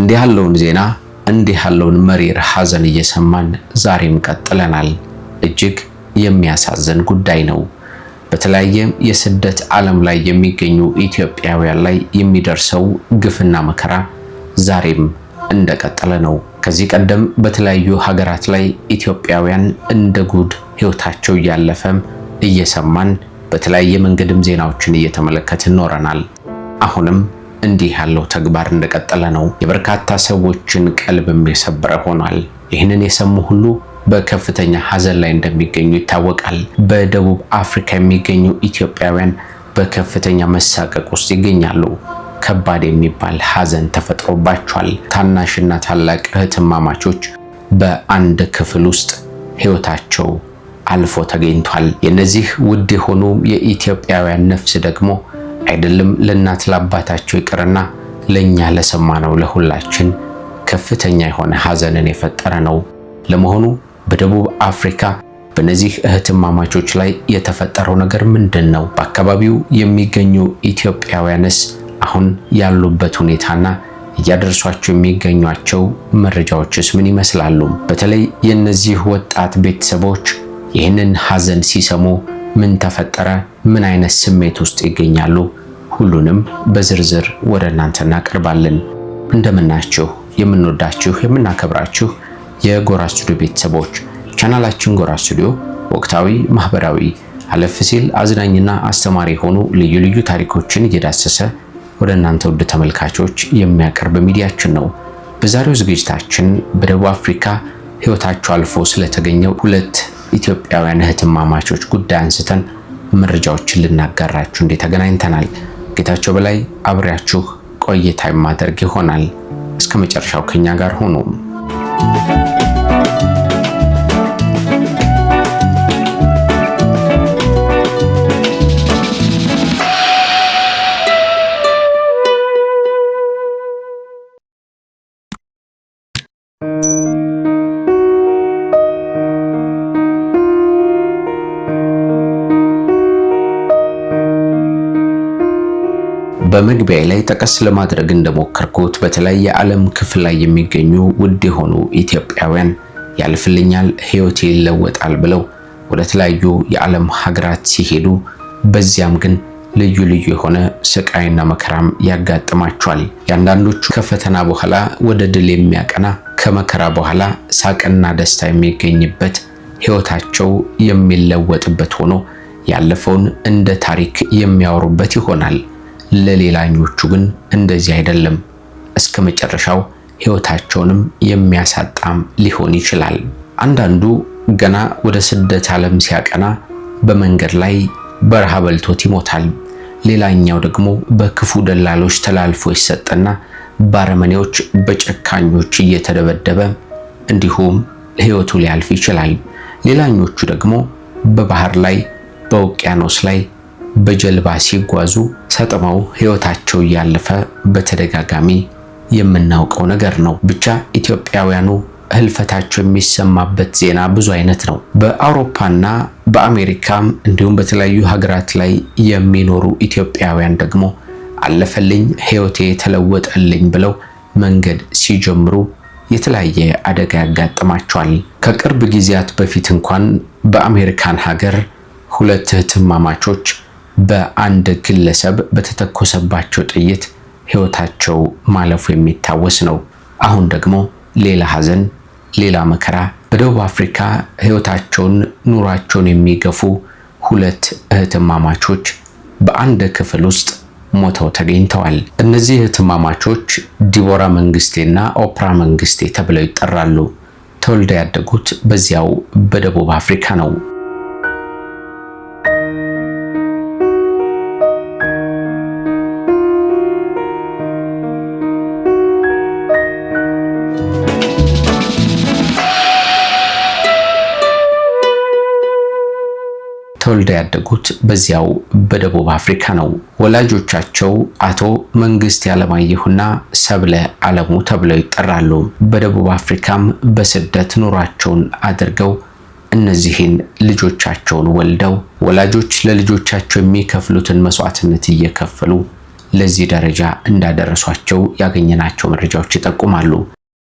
እንዲህ ያለውን ዜና እንዲህ ያለውን መሪር ሐዘን እየሰማን ዛሬም ቀጥለናል። እጅግ የሚያሳዝን ጉዳይ ነው። በተለያየ የስደት ዓለም ላይ የሚገኙ ኢትዮጵያውያን ላይ የሚደርሰው ግፍና መከራ ዛሬም እንደቀጠለ ነው። ከዚህ ቀደም በተለያዩ ሀገራት ላይ ኢትዮጵያውያን እንደ ጉድ ህይወታቸው እያለፈም እየሰማን በተለያየ መንገድም ዜናዎችን እየተመለከትን ኖረናል። አሁንም እንዲህ ያለው ተግባር እንደቀጠለ ነው። የበርካታ ሰዎችን ቀልብ የሰበረ ሆኗል። ይህንን የሰሙ ሁሉ በከፍተኛ ሀዘን ላይ እንደሚገኙ ይታወቃል። በደቡብ አፍሪካ የሚገኙ ኢትዮጵያውያን በከፍተኛ መሳቀቅ ውስጥ ይገኛሉ። ከባድ የሚባል ሀዘን ተፈጥሮባቸዋል። ታናሽና ታላቅ እህትማማቾች በአንድ ክፍል ውስጥ ህይወታቸው አልፎ ተገኝቷል። የእነዚህ ውድ የሆኑ የኢትዮጵያውያን ነፍስ ደግሞ አይደለም ለእናት ለአባታቸው ይቅርና ለእኛ ለሰማነው ለሁላችን ከፍተኛ የሆነ ሐዘንን የፈጠረ ነው። ለመሆኑ በደቡብ አፍሪካ በእነዚህ እህትማማቾች ላይ የተፈጠረው ነገር ምንድን ነው? በአካባቢው የሚገኙ ኢትዮጵያውያንስ አሁን ያሉበት ሁኔታና እያደርሷቸው የሚገኟቸው መረጃዎችስ ምን ይመስላሉ? በተለይ የእነዚህ ወጣት ቤተሰቦች ይህንን ሐዘን ሲሰሙ ምን ተፈጠረ? ምን አይነት ስሜት ውስጥ ይገኛሉ? ሁሉንም በዝርዝር ወደ እናንተ እናቀርባለን። እንደምናችሁ የምንወዳችሁ የምናከብራችሁ የጎራ ስቱዲዮ ቤተሰቦች ቻናላችን ጎራ ስቱዲዮ ወቅታዊ፣ ማህበራዊ፣ አለፍ ሲል አዝናኝና አስተማሪ የሆኑ ልዩ ልዩ ታሪኮችን እየዳሰሰ ወደ እናንተ ውድ ተመልካቾች የሚያቀርብ ሚዲያችን ነው። በዛሬው ዝግጅታችን በደቡብ አፍሪካ ህይወታቸው አልፎ ስለተገኘው ሁለት ኢትዮጵያውያን እህትማማቾች ጉዳይ አንስተን መረጃዎችን ልናጋራችሁ እንዴ ተገናኝተናል። ጌታቸው በላይ አብሬያችሁ ቆይታ የማደርግ ይሆናል። እስከ መጨረሻው ከኛ ጋር ሆኖም መግቢያ ላይ ጠቀስ ለማድረግ እንደሞከርኩት በተለይ የዓለም ክፍል ላይ የሚገኙ ውድ የሆኑ ኢትዮጵያውያን ያልፍልኛል፣ ሕይወቴ ይለወጣል ብለው ወደ ተለያዩ የዓለም ሀገራት ሲሄዱ በዚያም ግን ልዩ ልዩ የሆነ ስቃይና መከራም ያጋጥማቸዋል። የአንዳንዶቹ ከፈተና በኋላ ወደ ድል የሚያቀና ከመከራ በኋላ ሳቅና ደስታ የሚገኝበት ሕይወታቸው የሚለወጥበት ሆኖ ያለፈውን እንደ ታሪክ የሚያወሩበት ይሆናል። ለሌላኞቹ ግን እንደዚህ አይደለም። እስከ መጨረሻው ህይወታቸውንም የሚያሳጣም ሊሆን ይችላል። አንዳንዱ ገና ወደ ስደት ዓለም ሲያቀና በመንገድ ላይ በረሃ በልቶት ይሞታል። ሌላኛው ደግሞ በክፉ ደላሎች ተላልፎ ይሰጠና ባረመኔዎች በጨካኞች እየተደበደበ እንዲሁም ህይወቱ ሊያልፍ ይችላል። ሌላኞቹ ደግሞ በባህር ላይ በውቅያኖስ ላይ በጀልባ ሲጓዙ ሰጥመው ሕይወታቸው እያለፈ በተደጋጋሚ የምናውቀው ነገር ነው። ብቻ ኢትዮጵያውያኑ ህልፈታቸው የሚሰማበት ዜና ብዙ አይነት ነው። በአውሮፓና በአሜሪካም እንዲሁም በተለያዩ ሀገራት ላይ የሚኖሩ ኢትዮጵያውያን ደግሞ አለፈልኝ፣ ህይወቴ ተለወጠልኝ ብለው መንገድ ሲጀምሩ የተለያየ አደጋ ያጋጥማቸዋል። ከቅርብ ጊዜያት በፊት እንኳን በአሜሪካን ሀገር ሁለት እህትማማቾች በአንድ ግለሰብ በተተኮሰባቸው ጥይት ሕይወታቸው ማለፉ የሚታወስ ነው። አሁን ደግሞ ሌላ ሀዘን፣ ሌላ መከራ በደቡብ አፍሪካ ህይወታቸውን ኑሯቸውን የሚገፉ ሁለት እህትማማቾች በአንድ ክፍል ውስጥ ሞተው ተገኝተዋል። እነዚህ እህትማማቾች ዲቦራ መንግስቴና ኦፕራ መንግስቴ ተብለው ይጠራሉ። ተወልደው ያደጉት በዚያው በደቡብ አፍሪካ ነው። ተወልደው ያደጉት በዚያው በደቡብ አፍሪካ ነው። ወላጆቻቸው አቶ መንግስት ያለማየሁና ሰብለ አለሙ ተብለው ይጠራሉ። በደቡብ አፍሪካም በስደት ኑሯቸውን አድርገው እነዚህን ልጆቻቸውን ወልደው ወላጆች ለልጆቻቸው የሚከፍሉትን መስዋዕትነት እየከፈሉ ለዚህ ደረጃ እንዳደረሷቸው ያገኘናቸው መረጃዎች ይጠቁማሉ።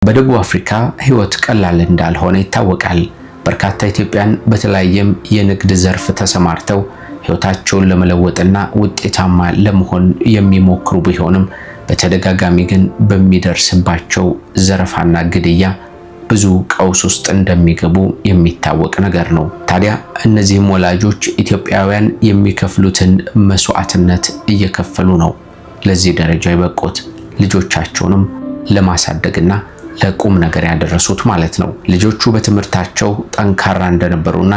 በደቡብ አፍሪካ ህይወት ቀላል እንዳልሆነ ይታወቃል። በርካታ ኢትዮጵያን በተለያየም የንግድ ዘርፍ ተሰማርተው ህይወታቸውን ለመለወጥና ውጤታማ ለመሆን የሚሞክሩ ቢሆንም በተደጋጋሚ ግን በሚደርስባቸው ዘረፋና ግድያ ብዙ ቀውስ ውስጥ እንደሚገቡ የሚታወቅ ነገር ነው። ታዲያ እነዚህም ወላጆች ኢትዮጵያውያን የሚከፍሉትን መስዋዕትነት እየከፈሉ ነው ለዚህ ደረጃ የበቁት ልጆቻቸውንም ለማሳደግና ለቁም ነገር ያደረሱት ማለት ነው። ልጆቹ በትምህርታቸው ጠንካራ እንደነበሩና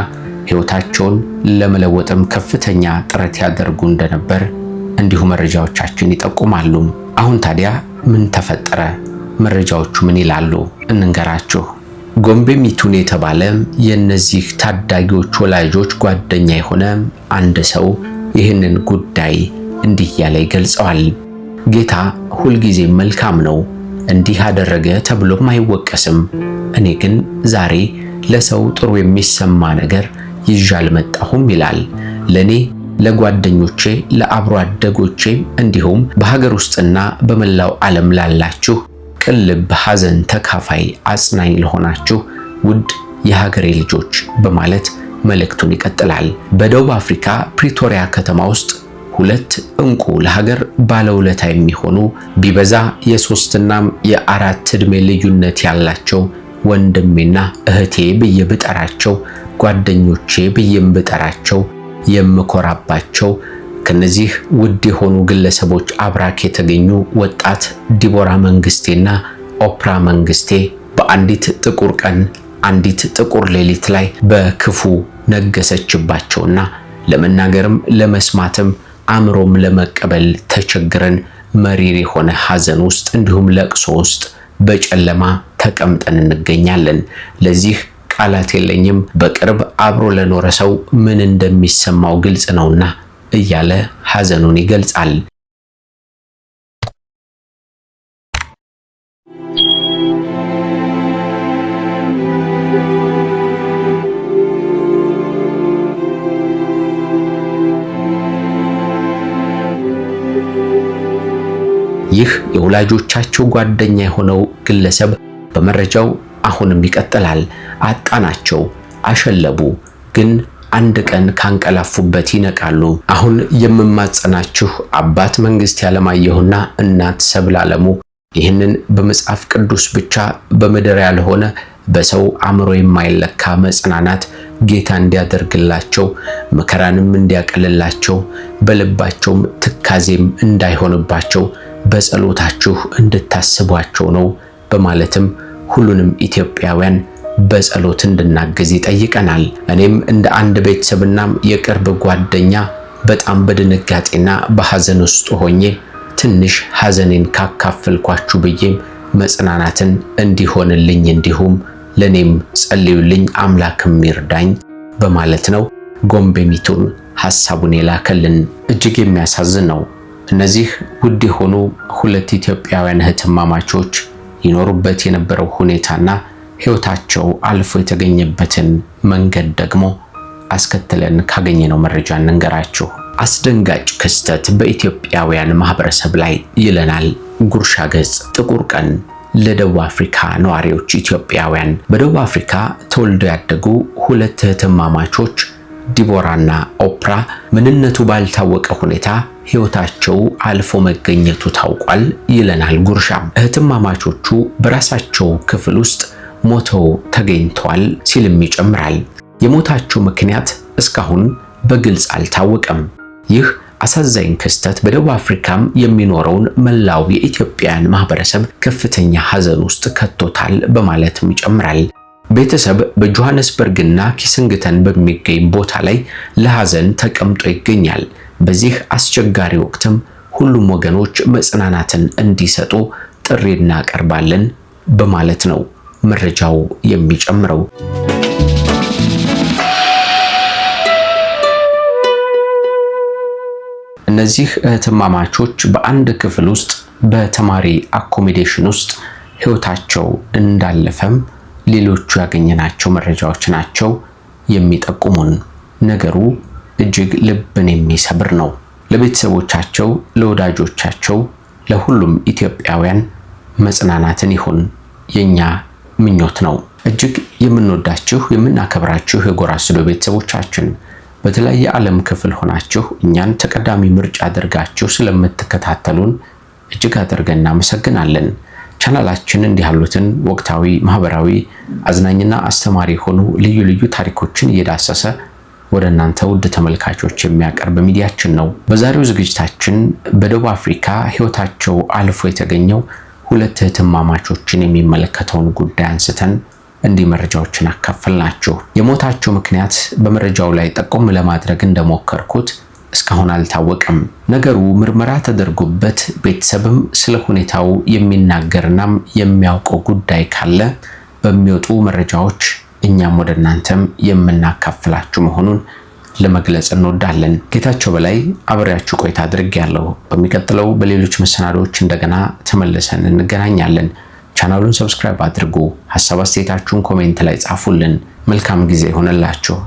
ሕይወታቸውን ለመለወጥም ከፍተኛ ጥረት ያደርጉ እንደነበር እንዲሁ መረጃዎቻችን ይጠቁማሉ። አሁን ታዲያ ምን ተፈጠረ? መረጃዎቹ ምን ይላሉ? እንንገራችሁ። ጎምቤ ሚቱን የተባለ የእነዚህ ታዳጊዎች ወላጆች ጓደኛ የሆነ አንድ ሰው ይህንን ጉዳይ እንዲህ እያለ ይገልጸዋል። ጌታ ሁልጊዜም መልካም ነው እንዲህ አደረገ ተብሎም አይወቀስም። እኔ ግን ዛሬ ለሰው ጥሩ የሚሰማ ነገር ይዤ አልመጣሁም ይላል። ለኔ፣ ለጓደኞቼ፣ ለአብሮ አደጎቼ እንዲሁም በሀገር ውስጥና በመላው ዓለም ላላችሁ ቅን ልብ፣ ሐዘን ተካፋይ፣ አጽናኝ ለሆናችሁ ውድ የሀገሬ ልጆች በማለት መልእክቱን ይቀጥላል። በደቡብ አፍሪካ ፕሪቶሪያ ከተማ ውስጥ ሁለት እንቁ ለሀገር ባለውለታ የሚሆኑ ቢበዛ የሶስትናም የአራት ዕድሜ ልዩነት ያላቸው ወንድሜና እህቴ ብዬ ብጠራቸው፣ ጓደኞቼ ብዬም ብጠራቸው የምኮራባቸው ከነዚህ ውድ የሆኑ ግለሰቦች አብራክ የተገኙ ወጣት ዲቦራ መንግስቴና ኦፕራ መንግስቴ በአንዲት ጥቁር ቀን አንዲት ጥቁር ሌሊት ላይ በክፉ ነገሰችባቸውና ለመናገርም ለመስማትም አእምሮም ለመቀበል ተቸግረን መሪር የሆነ ሐዘን ውስጥ እንዲሁም ለቅሶ ውስጥ በጨለማ ተቀምጠን እንገኛለን። ለዚህ ቃላት የለኝም። በቅርብ አብሮ ለኖረ ሰው ምን እንደሚሰማው ግልጽ ነውና እያለ ሐዘኑን ይገልጻል። ይህ የወላጆቻቸው ጓደኛ የሆነው ግለሰብ በመረጃው አሁንም ይቀጥላል። አጣናቸው፣ አሸለቡ፣ ግን አንድ ቀን ካንቀላፉበት ይነቃሉ። አሁን የምማጸናችሁ አባት መንግስት ያለማየሁና እናት ሰብላለሙ አለሙ ይህንን በመጽሐፍ ቅዱስ ብቻ በምድር ያልሆነ በሰው አእምሮ የማይለካ መጽናናት ጌታ እንዲያደርግላቸው መከራንም እንዲያቀልላቸው በልባቸውም ትካዜም እንዳይሆንባቸው በጸሎታችሁ እንድታስቧቸው ነው በማለትም ሁሉንም ኢትዮጵያውያን በጸሎት እንድናግዝ ይጠይቀናል። እኔም እንደ አንድ ቤተሰብናም የቅርብ ጓደኛ በጣም በድንጋጤና በሐዘን ውስጥ ሆኜ ትንሽ ሐዘኔን ካካፈልኳችሁ ብዬም መጽናናትን እንዲሆንልኝ እንዲሁም ለኔም ጸልዩልኝ አምላክም ይርዳኝ በማለት ነው ጎምቤ ሐሳቡን የላከልን። እጅግ የሚያሳዝን ነው። እነዚህ ውድ የሆኑ ሁለት ኢትዮጵያውያን እህትማማቾች ይኖሩበት የነበረው ሁኔታና ሕይወታቸው አልፎ የተገኘበትን መንገድ ደግሞ አስከትለን ካገኘነው መረጃ እንንገራችሁ። አስደንጋጭ ክስተት በኢትዮጵያውያን ማህበረሰብ ላይ ይለናል ጉርሻ ገጽ። ጥቁር ቀን ለደቡብ አፍሪካ ነዋሪዎች ኢትዮጵያውያን። በደቡብ አፍሪካ ተወልደው ያደጉ ሁለት እህትማማቾች ዲቦራና ኦፕራ ምንነቱ ባልታወቀ ሁኔታ ህይወታቸው አልፎ መገኘቱ ታውቋል ይለናል ጉርሻ። እህትማማቾቹ በራሳቸው ክፍል ውስጥ ሞተው ተገኝተዋል ሲልም ይጨምራል። የሞታቸው ምክንያት እስካሁን በግልጽ አልታወቀም። ይህ አሳዛኝ ክስተት በደቡብ አፍሪካም የሚኖረውን መላው የኢትዮጵያን ማህበረሰብ ከፍተኛ ሀዘን ውስጥ ከቶታል በማለትም ይጨምራል። ቤተሰብ በጆሐንስበርግና ኪስንግተን በሚገኝ ቦታ ላይ ለሐዘን ተቀምጦ ይገኛል። በዚህ አስቸጋሪ ወቅትም ሁሉም ወገኖች መጽናናትን እንዲሰጡ ጥሪ እናቀርባለን በማለት ነው መረጃው የሚጨምረው። እነዚህ እህትማማቾች በአንድ ክፍል ውስጥ በተማሪ አኮሞዴሽን ውስጥ ህይወታቸው እንዳለፈም ሌሎቹ ያገኘናቸው መረጃዎች ናቸው የሚጠቁሙን ነገሩ እጅግ ልብን የሚሰብር ነው። ለቤተሰቦቻቸው፣ ለወዳጆቻቸው፣ ለሁሉም ኢትዮጵያውያን መጽናናትን ይሁን የኛ ምኞት ነው። እጅግ የምንወዳችሁ የምናከብራችሁ የጎራ ስቱዲዮ ቤተሰቦቻችን በተለያየ ዓለም ክፍል ሆናችሁ እኛን ተቀዳሚ ምርጫ አድርጋችሁ ስለምትከታተሉን እጅግ አድርገን እናመሰግናለን። ቻናላችን እንዲህ ያሉትን ወቅታዊ፣ ማህበራዊ፣ አዝናኝና አስተማሪ የሆኑ ልዩ ልዩ ታሪኮችን እየዳሰሰ ወደ እናንተ ውድ ተመልካቾች የሚያቀርብ ሚዲያችን ነው። በዛሬው ዝግጅታችን በደቡብ አፍሪካ ሕይወታቸው አልፎ የተገኘው ሁለት እህትማማቾችን የሚመለከተውን ጉዳይ አንስተን እንዲህ መረጃዎችን አካፈልናችሁ። የሞታቸው ምክንያት በመረጃው ላይ ጠቆም ለማድረግ እንደሞከርኩት እስካሁን አልታወቀም። ነገሩ ምርመራ ተደርጎበት ቤተሰብም ስለ ሁኔታው የሚናገርናም የሚያውቀው ጉዳይ ካለ በሚወጡ መረጃዎች እኛም ወደ እናንተም የምናካፍላችሁ መሆኑን ለመግለጽ እንወዳለን። ጌታቸው በላይ አብሬያችሁ ቆይታ አድርጌያለሁ። በሚቀጥለው በሌሎች መሰናዶዎች እንደገና ተመልሰን እንገናኛለን። ቻናሉን ሰብስክራይብ አድርጉ። ሀሳብ አስተያየታችሁን ኮሜንት ላይ ጻፉልን። መልካም ጊዜ ይሆንላችሁ።